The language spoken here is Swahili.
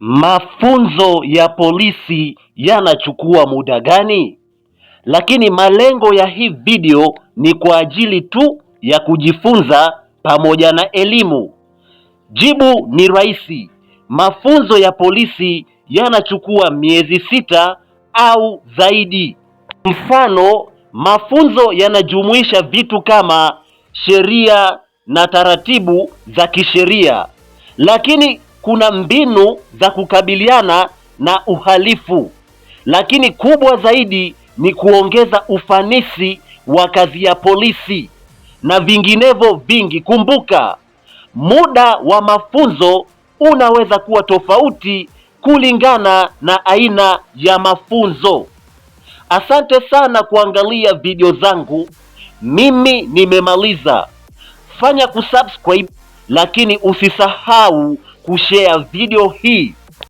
mafunzo ya polisi yanachukua muda gani? Lakini malengo ya hii video ni kwa ajili tu ya kujifunza pamoja na elimu. Jibu ni rahisi. Mafunzo ya polisi yanachukua miezi sita au zaidi. Mfano, mafunzo yanajumuisha vitu kama sheria na taratibu za kisheria, lakini kuna mbinu za kukabiliana na uhalifu, lakini kubwa zaidi ni kuongeza ufanisi wa kazi ya polisi na vinginevyo vingi. Kumbuka, muda wa mafunzo unaweza kuwa tofauti kulingana na aina ya mafunzo. Asante sana kuangalia video zangu, mimi nimemaliza. Fanya kusubscribe, lakini usisahau kushare video hii